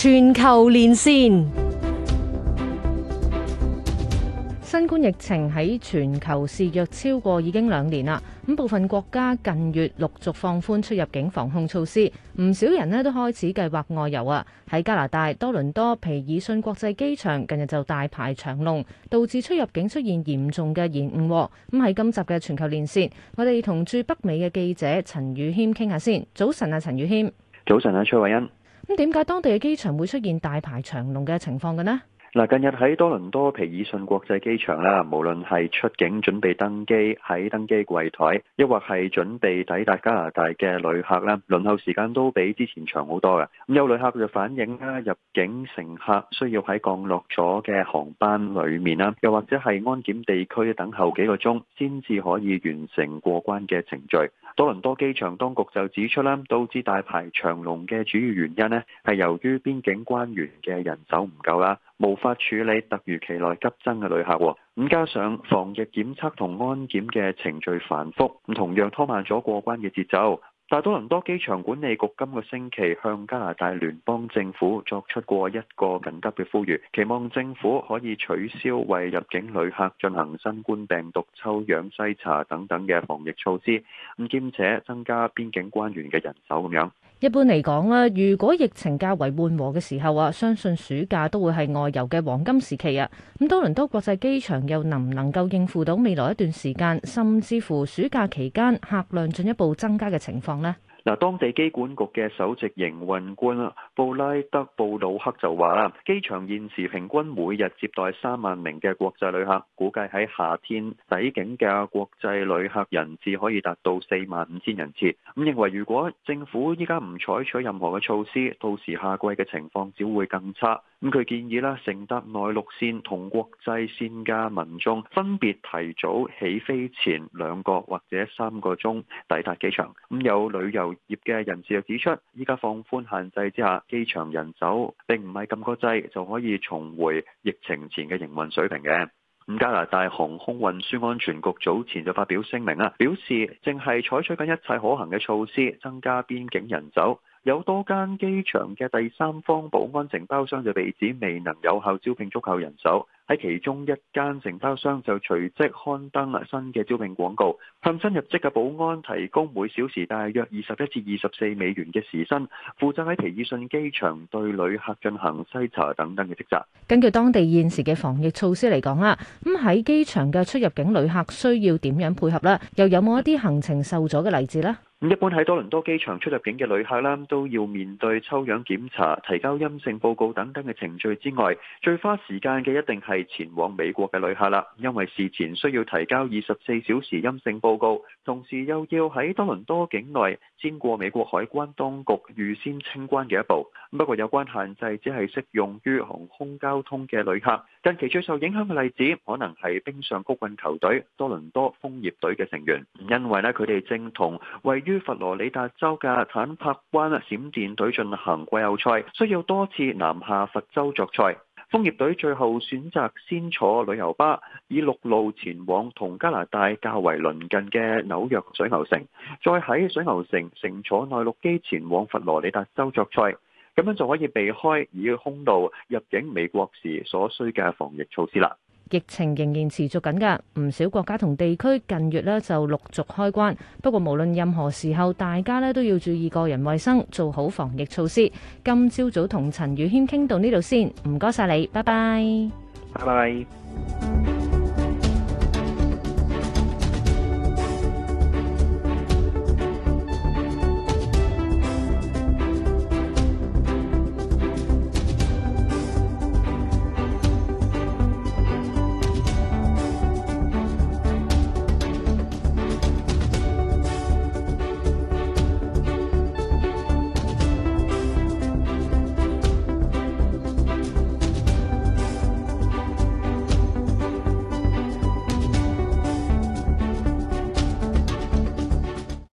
全球連線，新冠疫情喺全球肆虐超過已經兩年啦。咁部分國家近月陸續放寬出入境防控措施，唔少人呢都開始計劃外遊啊。喺加拿大，多倫多皮爾遜國際機場近日就大排長龍，導致出入境出現嚴重嘅延誤。咁喺今集嘅全球連線，我哋同駐北美嘅記者陳宇謙傾下先。早晨啊，陳宇謙。早晨啊，崔蔚恩。咁點解當地嘅機場會出現大排長龍嘅情況嘅呢？嗱，近日喺多倫多皮爾遜國際機場啦，無論係出境準備登機喺登機櫃枱，亦或係準備抵達加拿大嘅旅客啦，輪候時間都比之前長好多嘅。咁有旅客就反映啦，入境乘客需要喺降落咗嘅航班裏面啦，又或者係安檢地區等候幾個鐘，先至可以完成過關嘅程序。多倫多機場當局就指出啦，導致大排長龍嘅主要原因呢，係由於邊境關員嘅人手唔夠啦，無法處理突如其來急增嘅旅客。咁加上防疫檢測同安檢嘅程序繁複，咁同樣拖慢咗過關嘅節奏。大多倫多機場管理局今個星期向加拿大聯邦政府作出過一個緊急嘅呼籲，期望政府可以取消為入境旅客進行新冠病毒抽樣、篩查等等嘅防疫措施，兼且增加邊境關員嘅人手咁樣。一般嚟講呢，如果疫情較為緩和嘅時候啊，相信暑假都會係外遊嘅黃金時期啊。咁多倫多國際機場又能唔能夠應付到未來一段時間，甚至乎暑假期間客量進一步增加嘅情況？當地機管局嘅首席營運官布拉德布魯克就話啦，機場現時平均每日接待三萬名嘅國際旅客，估計喺夏天抵境嘅國際旅客人次可以達到四萬五千人次。咁認為如果政府依家唔採取任何嘅措施，到時夏季嘅情況只會更差。咁佢建議啦，乘搭內陸線同國際線嘅民眾分別提早起飛前兩個或者三個鐘抵達機場。咁有旅遊業嘅人士又指出，依家放寬限制之下，機場人手並唔係咁個制，就可以重回疫情前嘅營運水平嘅。咁加拿大航空運輸安全局早前就發表聲明，表示正係採取緊一切可行嘅措施，增加邊境人手。有多間機場嘅第三方保安承包商就被指未能有效招聘足夠人手。喺其中一間承包商就隨即刊登新嘅招聘廣告，向新入職嘅保安提供每小時大約二十一至二十四美元嘅時薪，負責喺皮爾遜機場對旅客進行篩查等等嘅職責。根據當地現時嘅防疫措施嚟講啦，咁喺機場嘅出入境旅客需要點樣配合呢？又有冇一啲行程受阻嘅例子呢？一般喺多倫多機場出入境嘅旅客啦，都要面對抽樣檢查、提交陰性報告等等嘅程序之外，最花時間嘅一定係，前往美國嘅旅客啦，因為事前需要提交二十四小時陰性報告，同時又要喺多倫多境內先過美國海關當局預先清關嘅一步。不過有關限制只係適用於航空交通嘅旅客。近期最受影響嘅例子，可能係冰上曲棍球隊多倫多楓葉隊嘅成員，因為咧佢哋正同位於佛羅里達州嘅坦帕灣閃電隊進行季後賽，需要多次南下佛州作賽。楓葉隊最後選擇先坐旅遊巴，以陸路前往同加拿大較為鄰近嘅紐約水牛城，再喺水牛城乘坐內陸機前往佛羅里達州作賽，咁樣就可以避開以空路入境美國時所需嘅防疫措施啦。疫情仍然持續緊㗎，唔少國家同地區近月咧就陸續開關。不過無論任何時候，大家咧都要注意個人衛生，做好防疫措施。今朝早同陳宇謙傾到呢度先，唔該晒你，拜拜，拜拜。